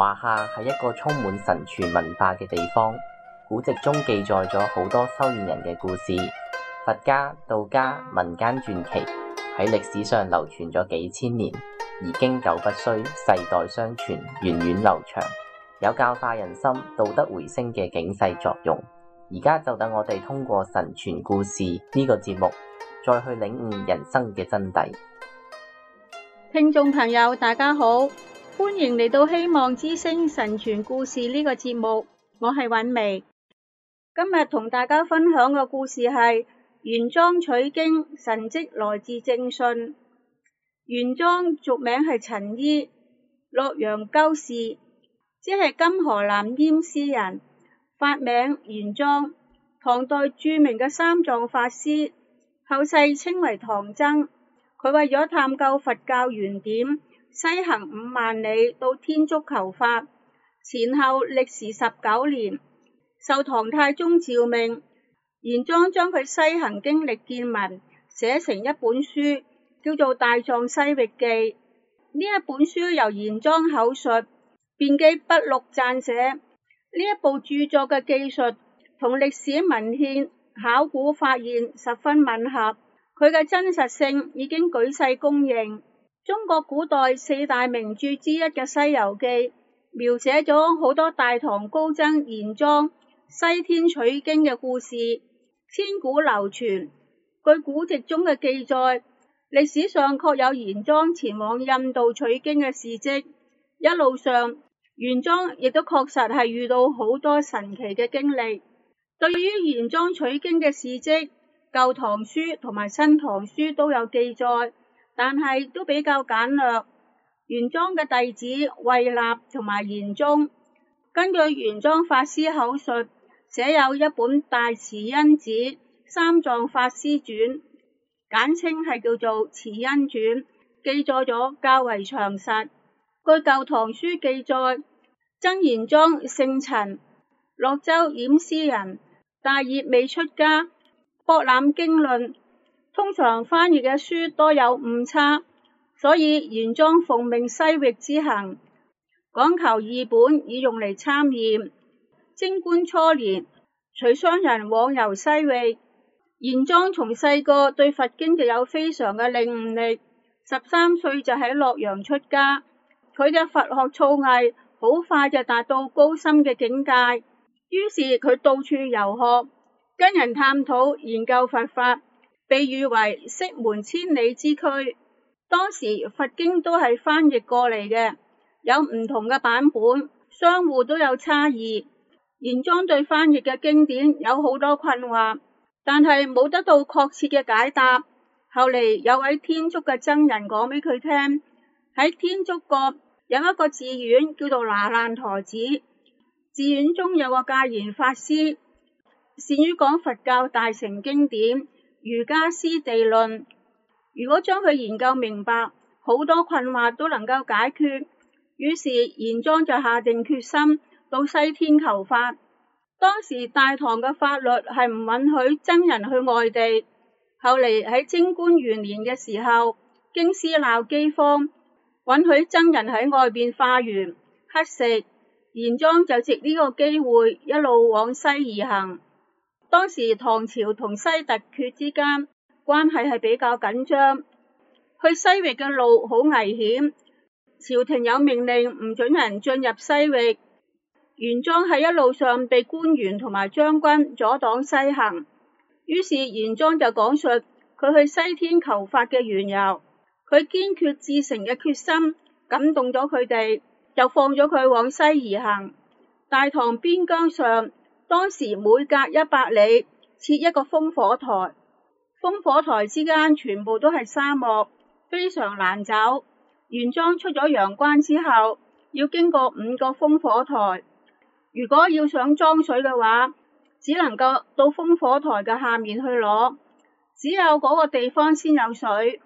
華夏係一個充滿神傳文化嘅地方，古籍中記載咗好多修煉人嘅故事，佛家、道家、民間傳奇喺歷史上流傳咗幾千年，而經久不衰，世代相傳，源遠流長，有教化人心、道德回升嘅警世作用。而家就等我哋通過神傳故事呢個節目，再去領悟人生嘅真諦。聽眾朋友，大家好。歡迎嚟到《希望之聲》神傳故事呢個節目，我係韻薇。今日同大家分享嘅故事係玄奘取經，神迹來自正信。玄奘俗名係陳禕，洛陽緱氏，即係今河南偃師人，法名玄奘，唐代著名嘅三藏法師，後世稱為唐僧。佢為咗探究佛教原點，西行五萬里到天竺求法，前後歷時十九年，受唐太宗詔命，玄奘將佢西行經歷見聞寫成一本書，叫做《大唐西域記》。呢一本書由玄奘口述，辯機筆錄撰寫。呢一部著作嘅技術同歷史文獻考古發現十分吻合，佢嘅真實性已經舉世公認。中國古代四大名著之一嘅《西遊記》，描寫咗好多大唐高僧玄奘西天取經嘅故事，千古流傳。據古籍中嘅記載，歷史上確有玄奘前往印度取經嘅事跡。一路上，玄奘亦都確實係遇到好多神奇嘅經歷。對於玄奘取經嘅事跡，舊唐書同埋新唐書都有記載。但係都比較簡略。玄奘嘅弟子慧立同埋彥悰，根據玄奘法師口述，寫有一本《大慈恩寺三藏法師傳》，簡稱係叫做《慈恩傳》，記載咗較為詳實。據《舊唐書》記載，僧玄奘姓陳，洛州偃師人，大業未出家，博覽經論。通常翻譯嘅書多有誤差，所以玄奘奉命西域之行，講求異本以用嚟參驗。貞觀初年，隨商人往遊西域。玄奘從細個對佛經就有非常嘅領悟力，十三歲就喺洛陽出家，佢嘅佛學造詣好快就達到高深嘅境界。於是佢到處遊學，跟人探討研究佛法。被譽為釋門千里之區。當時佛經都係翻譯過嚟嘅，有唔同嘅版本，相互都有差異。玄奘對翻譯嘅經典有好多困惑，但係冇得到確切嘅解答。後嚟有位天竺嘅僧人講畀佢聽，喺天竺國有一個寺院叫做那爛陀寺，寺院中有個戒賢法師，善於講佛教大乘經典。瑜伽師地論，如果將佢研究明白，好多困惑，都能夠解決。於是玄奘就下定決心到西天求法。當時大唐嘅法律係唔允許僧人去外地。後嚟喺貞觀元年嘅時候，京師鬧饑荒，允許僧人喺外邊化緣乞食。玄奘就借呢個機會一路往西而行。當時唐朝同西突厥之間關係係比較緊張，去西域嘅路好危險，朝廷有命令唔准人進入西域。玄奘喺一路上被官員同埋將軍阻擋西行，於是玄奘就講述佢去西天求法嘅緣由，佢堅決至誠嘅決心感動咗佢哋，就放咗佢往西而行。大唐邊疆上。當時每隔一百里設一個烽火台，烽火台之間全部都係沙漠，非常難走。玄奘出咗陽關之後，要經過五個烽火台。如果要想裝水嘅話，只能夠到烽火台嘅下面去攞，只有嗰個地方先有水。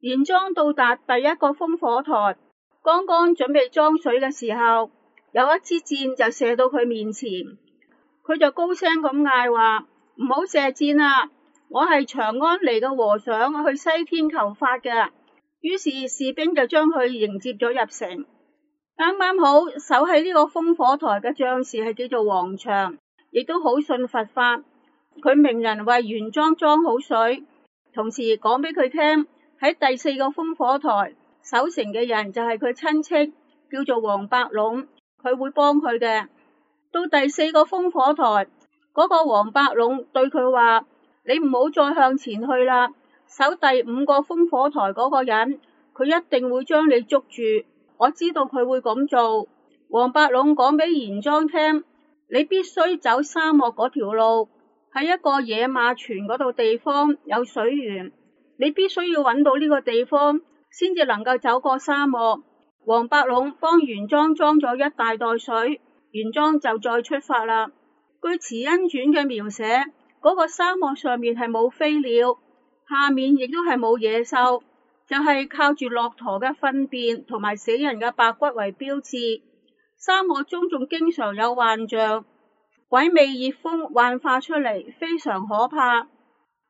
玄奘到達第一個烽火台，剛剛準備裝水嘅時候，有一支箭就射到佢面前。佢就高聲咁嗌話：唔好射箭啦，啊！我係長安嚟嘅和尚，去西天求法嘅。於是士兵就將佢迎接咗入城。啱啱好守喺呢個烽火台嘅將士係叫做王祥，亦都好信佛法。佢命人為玄奘裝好水，同時講俾佢聽喺第四個烽火台守城嘅人就係佢親戚，叫做王伯龍，佢會幫佢嘅。到第四個烽火台，嗰、那個黃伯龍對佢話，你唔好再向前去啦，守第五個烽火台嗰個人，佢一定會將你捉住。我知道佢會咁做。黃伯龍講俾玄奘聽，你必須走沙漠嗰條路，喺一個野馬泉嗰度地方有水源，你必須要揾到呢個地方先至能夠走過沙漠。黃伯龍幫玄奘裝咗一大袋水。玄奘就再出發啦。據《慈恩傳》嘅描寫，嗰個沙漠上面係冇飛鳥，下面亦都係冇野獸，就係靠住駱駝嘅糞便同埋死人嘅白骨為標誌。沙漠中仲經常有幻象，鬼魅熱風幻化出嚟，非常可怕。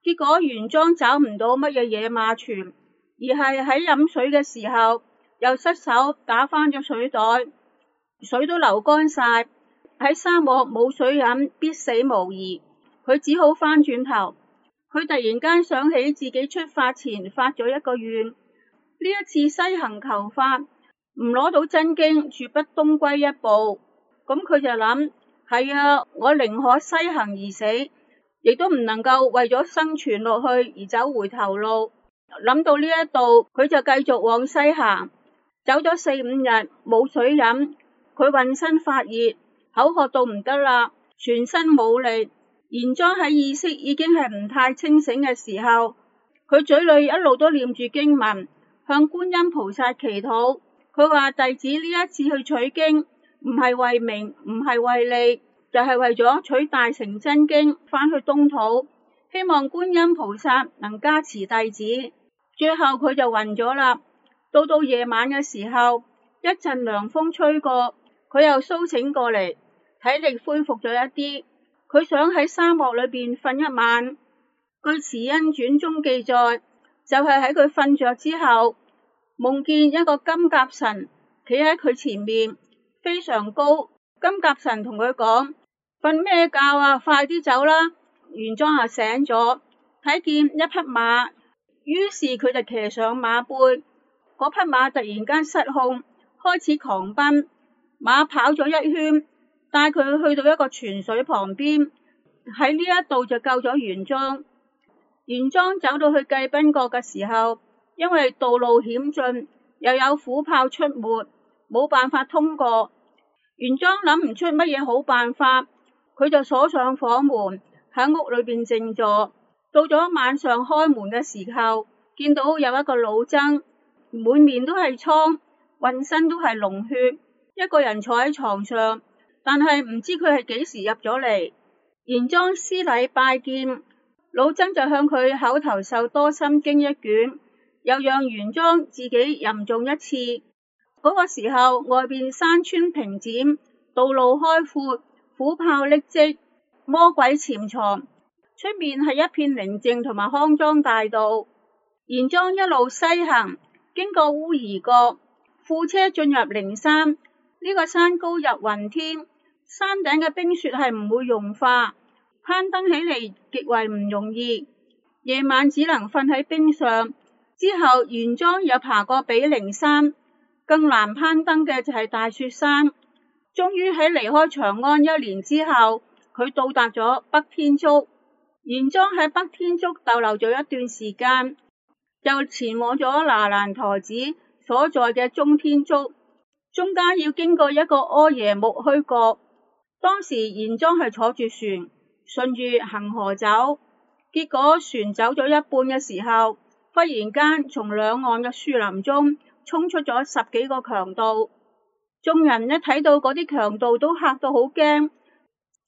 結果玄奘找唔到乜嘢野馬泉，而係喺飲水嘅時候又失手打翻咗水袋。水都流乾晒，喺沙漠冇水飲，必死無疑。佢只好返轉頭。佢突然間想起自己出發前發咗一個願：呢一次西行求法，唔攞到真經，絕不東歸一步。咁佢就諗：係啊，我寧可西行而死，亦都唔能夠為咗生存落去而走回頭路。諗到呢一度，佢就繼續往西行。走咗四五日，冇水飲。佢渾身發熱，口渴到唔得啦，全身冇力，玄奘喺意識已經係唔太清醒嘅時候，佢嘴裏一路都念住經文，向觀音菩薩祈禱。佢話，弟子呢一次去取經，唔係為名，唔係為利，就係、是、為咗取大乘真經返去東土，希望觀音菩薩能加持弟子。最後佢就暈咗啦。到到夜晚嘅時候，一陣涼風吹過。佢又蘇醒過嚟，體力恢復咗一啲，佢想喺沙漠裏邊瞓一晚。據慈恩傳中記載，就係喺佢瞓着之後，夢見一個金甲神企喺佢前面，非常高。金甲神同佢講：瞓咩覺啊？快啲走啦！玄奘啊醒咗，睇見一匹馬，於是佢就騎上馬背。嗰匹馬突然間失控，開始狂奔。馬跑咗一圈，帶佢去到一個泉水旁邊，喺呢一度就救咗玄奘。玄奘走到去罽賓國嘅時候，因為道路險峻，又有虎豹出沒，冇辦法通過。玄奘諗唔出乜嘢好辦法，佢就鎖上房門，喺屋裏邊靜坐。到咗晚上開門嘅時候，見到有一個老僧，滿面都係瘡，渾身都係膿血。一個人坐喺床上，但係唔知佢係幾時入咗嚟。玄奘施禮拜見老僧，就向佢口頭授多心經一卷，又讓玄奘自己吟誦一次。嗰、那個時候外邊山川平展，道路開闊，虎豹匿跡，魔鬼潛藏。出面係一片寧靜同埋康莊大道。玄奘一路西行，經過烏夷國、庫車進入靈山。呢個山高入雲天，山頂嘅冰雪係唔會融化，攀登起嚟極為唔容易。夜晚只能瞓喺冰上。之後玄奘又爬過比凌山，更難攀登嘅就係大雪山。終於喺離開長安一年之後，佢到達咗北天竺。玄奘喺北天竺逗留咗一段時間，又前往咗那蘭陀寺所在嘅中天竺。中間要經過一個柯耶木虛角，當時玄奘係坐住船順住恒河走，結果船走咗一半嘅時候，忽然間從兩岸嘅樹林中衝出咗十幾個強盜，眾人一睇到嗰啲強盜都嚇到好驚，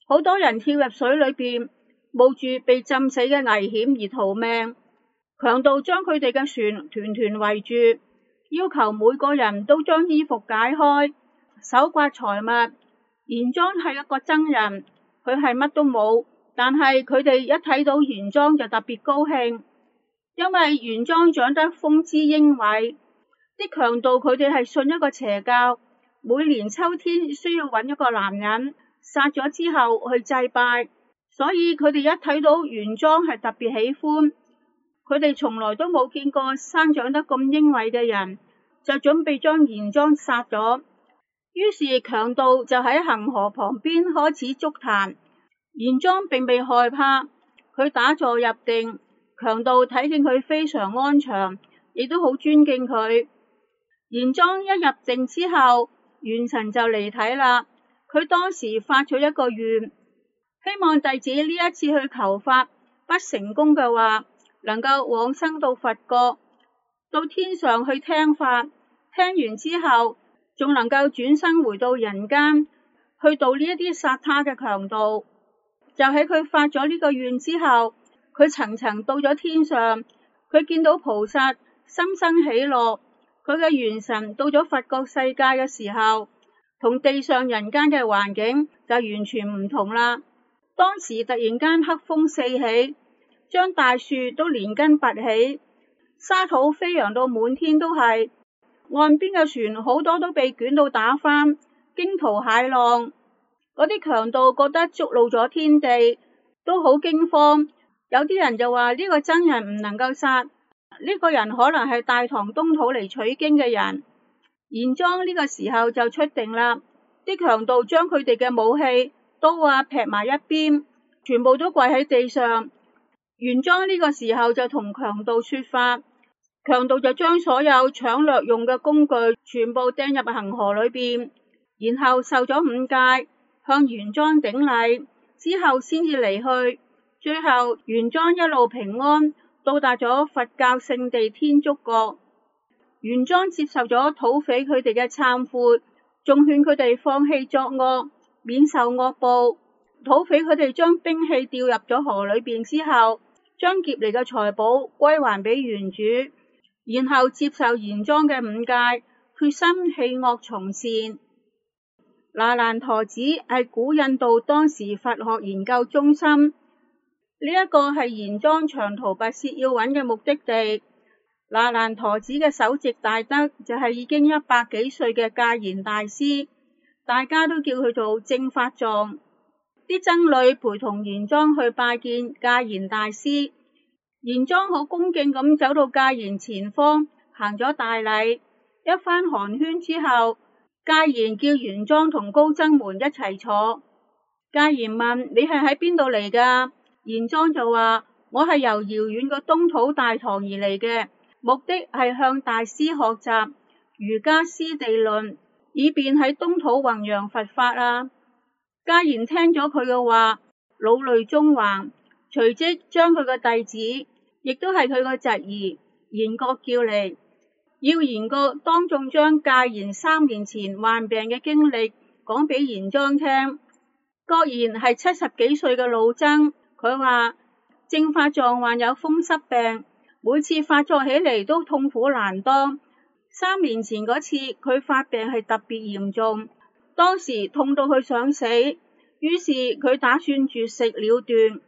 好多人跳入水裏邊冒住被浸死嘅危險而逃命，強盜將佢哋嘅船團團圍住。要求每個人都將衣服解開，搜刮財物。玄奘係一個僧人，佢係乜都冇，但係佢哋一睇到玄奘就特別高興，因為玄奘長，長得風姿英偉。啲強盜佢哋係信一個邪教，每年秋天需要揾一個男人殺咗之後去祭拜，所以佢哋一睇到玄奘係特別喜歡。佢哋從來都冇見過生長得咁英偉嘅人，就準備將玄奘殺咗。於是強盜就喺恒河旁邊開始築壇。玄奘並未害怕，佢打坐入定。強盜睇見佢非常安詳，亦都好尊敬佢。玄奘一入定之後，元神就離體啦。佢當時發咗一個願，希望弟子呢一次去求法不成功嘅話。能夠往生到佛國，到天上去聽法，聽完之後仲能夠轉身回到人間，去度呢一啲殺他嘅強盜。就喺佢發咗呢個願之後，佢層層到咗天上，佢見到菩薩心生喜樂。佢嘅元神到咗佛國世界嘅時候，同地上人間嘅環境就完全唔同啦。當時突然間黑風四起。將大樹都連根拔起，沙土飛揚到滿天都係。岸邊嘅船，好多都被捲到打翻，驚濤駭浪。嗰啲強盜覺得觸怒咗天地，都好驚慌。有啲人就話，呢個真人唔能夠殺呢個人，可能係大唐東土嚟取經嘅人。玄奘呢個時候就出定啦，啲強盜將佢哋嘅武器都啊，劈埋一邊，全部都跪喺地上。玄奘呢個時候就同強盜說法，強盜就將所有搶掠用嘅工具全部掟入恆河裏邊，然後受咗五戒，向玄奘頂禮之後先至離去。最後玄奘一路平安到達咗佛教聖地天竺國。玄奘接受咗土匪佢哋嘅懺悔，仲勸佢哋放棄作惡，免受惡報。土匪佢哋將兵器掉入咗河裏邊之後。將劫嚟嘅財寶歸還畀原主，然後接受玄奘嘅五戒，決心棄惡從善。那蘭陀寺係古印度當時佛學研究中心，呢一個係玄奘長途跋涉要揾嘅目的地。那蘭陀寺嘅首席大德就係已經一百幾歲嘅戒賢大師，大家都叫佢做正法藏。啲僧侶陪同玄奘去拜見戒賢大師，玄奘好恭敬咁走到戒賢前方，行咗大禮，一番寒暄之後，戒賢叫玄奘同高僧們一齊坐。戒賢問：你係喺邊度嚟噶？玄奘就話：我係由遙遠嘅東土大唐而嚟嘅，目的係向大師學習瑜伽師地論，以便喺東土弘揚佛法啊！戒賢聽咗佢嘅話，老淚縱橫，隨即將佢個弟子，亦都係佢個侄兒，嚴國叫嚟，要嚴國當眾將戒賢三年前患病嘅經歷講畀玄奘聽。覺賢係七十幾歲嘅老僧，佢話正法藏患有風濕病，每次發作起嚟都痛苦難當。三年前嗰次佢發病係特別嚴重。當時痛到佢想死，於是佢打算絕食了斷。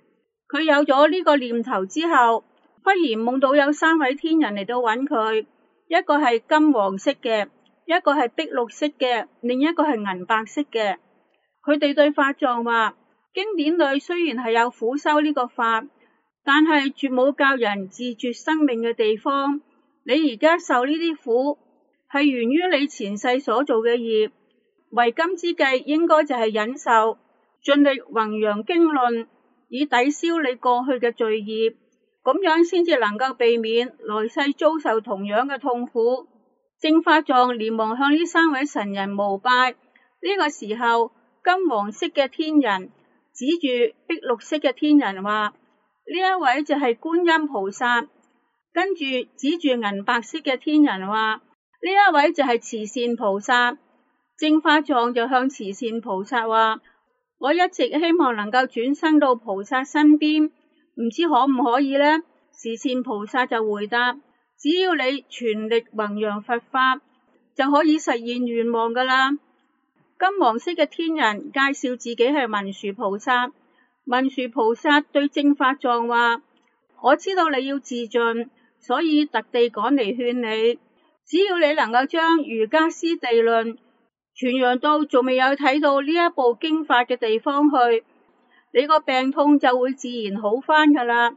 佢有咗呢個念頭之後，忽然夢到有三位天人嚟到揾佢，一個係金黃色嘅，一個係碧綠色嘅，另一個係銀白色嘅。佢哋對法藏話：經典裏雖然係有苦修呢個法，但係絕冇教人自絕生命嘅地方。你而家受呢啲苦，係源於你前世所做嘅業。為今之計，應該就係忍受，盡力弘揚經論，以抵消你過去嘅罪孽。咁樣先至能夠避免來世遭受同樣嘅痛苦。正法藏連忙向呢三位神人膜拜。呢、這個時候，金黃色嘅天人指住碧綠色嘅天人話：呢一位就係觀音菩薩。跟住指住銀白色嘅天人話：呢一位就係慈善菩薩。正法藏就向慈善菩薩話：我一直希望能夠轉生到菩薩身邊，唔知可唔可以呢？」慈善菩薩就回答：只要你全力弘揚佛法，就可以實現願望噶啦。金黃色嘅天人介紹自己係文殊菩薩，文殊菩薩對正法藏話：我知道你要自盡，所以特地趕嚟勸你，只要你能夠將《瑜伽師地論》。傳揚到仲未有睇到呢一部經法嘅地方去，你個病痛就會自然好返噶啦。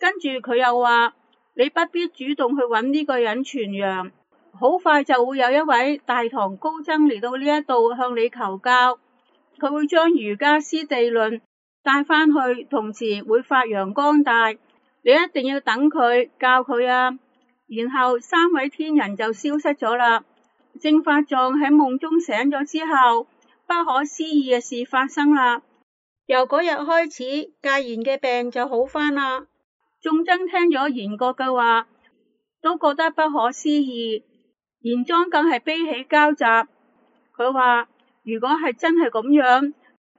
跟住佢又話，你不必主動去揾呢個人傳揚，好快就會有一位大唐高僧嚟到呢一度向你求教，佢會將瑜伽師地論帶返去，同時會發揚光大。你一定要等佢教佢啊。然後三位天人就消失咗啦。正法藏喺夢中醒咗之後，不可思議嘅事發生啦。由嗰日開始，戒賢嘅病就好返啦。眾僧聽咗賢國嘅話，都覺得不可思議。玄奘更係悲喜交集。佢話：如果係真係咁樣，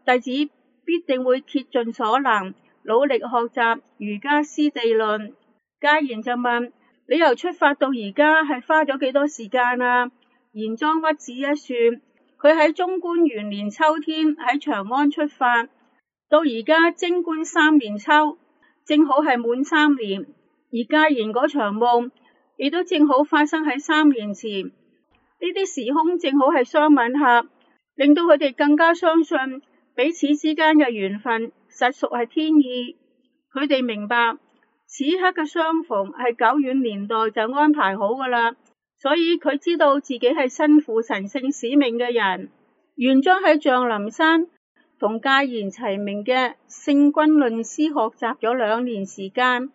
弟子必定會竭盡所能，努力學習瑜伽師地論。戒賢就問：你由出發到而家係花咗幾多時間啊？玄奘屈指一算，佢喺貞觀元年秋天喺長安出發，到而家貞觀三年秋，正好係滿三年。而家言嗰場夢，亦都正好發生喺三年前。呢啲時空正好係雙吻合，令到佢哋更加相信彼此之間嘅緣分實屬係天意。佢哋明白此刻嘅相逢係久遠年代就安排好噶啦。所以佢知道自己係身負神聖使命嘅人。玄奘喺象林山同戒賢齊名嘅聖君論師學習咗兩年時間。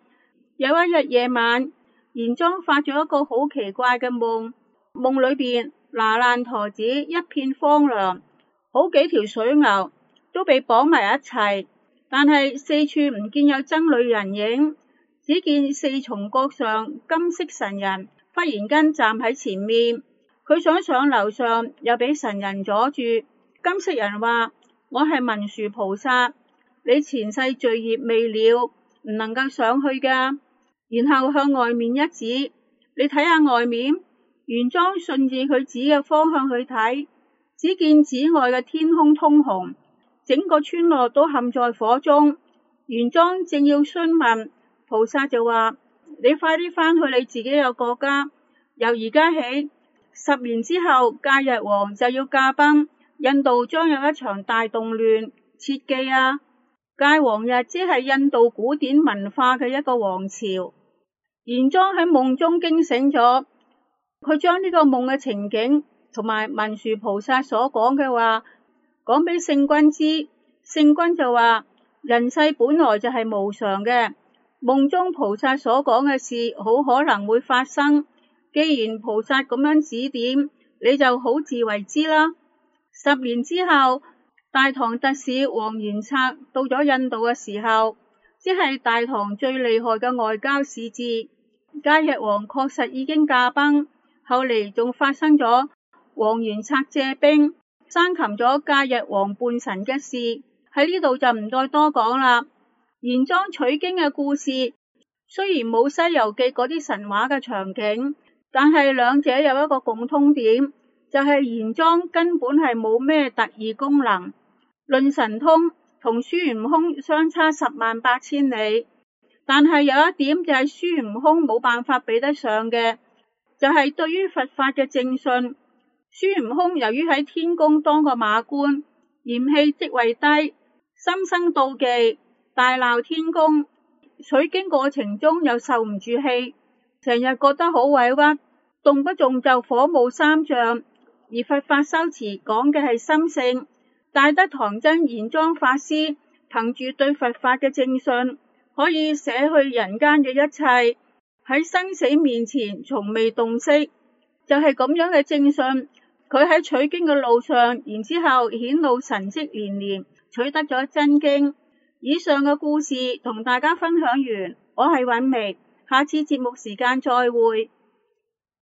有一日夜晚，玄奘發咗一個好奇怪嘅夢，夢裏邊那爛陀寺一片荒涼，好幾條水牛都被綁埋一齊，但係四處唔見有僧侶人影，只見四重閣上金色神人，忽然間站喺前面，佢想上樓上，又畀神人阻住。金色人話：我係文殊菩薩，你前世罪孽未了，唔能夠上去噶。然後向外面一指，你睇下外面。玄奘順住佢指嘅方向去睇，只見紫外嘅天空通紅，整個村落都陷在火中。玄奘正要詢問菩薩就，就話。你快啲返去你自己嘅國家。由而家起，十年之後，戒日王就要駕崩，印度將有一場大動亂。切記啊！戒王日即係印度古典文化嘅一個王朝。玄奘喺夢中驚醒咗，佢將呢個夢嘅情景同埋文殊菩薩所講嘅話講畀聖君知，聖君就話：人世本來就係無常嘅。夢中菩薩所講嘅事，好可能會發生。既然菩薩咁樣指點，你就好自為之啦。十年之後，大唐特使王玄策到咗印度嘅時候，即係大唐最厲害嘅外交使節。戒日王確實已經駕崩，後嚟仲發生咗王玄策借兵生擒咗戒日王叛臣嘅事。喺呢度就唔再多講啦。玄奘取經嘅故事雖然冇《西遊記》嗰啲神話嘅場景，但係兩者有一個共通點，就係玄奘根本係冇咩特異功能。論神通，同孫悟空相差十萬八千里，但係有一點就係孫悟空冇辦法比得上嘅，就係、是、對於佛法嘅正信。孫悟空由於喺天宮當個馬官，嫌棄職位低，心生妒忌。大鬧天宮取經過程中又受唔住氣，成日覺得好委屈，動不動就火冒三丈。而佛法修持講嘅係心性，大德唐僧玄奘法師憑住對佛法嘅正信，可以捨去人間嘅一切，喺生死面前從未動息，就係、是、咁樣嘅正信，佢喺取經嘅路上，然之後顯露神跡連連，取得咗真經。以上嘅故事同大家分享完，我係韻薇，下次節目時間再會。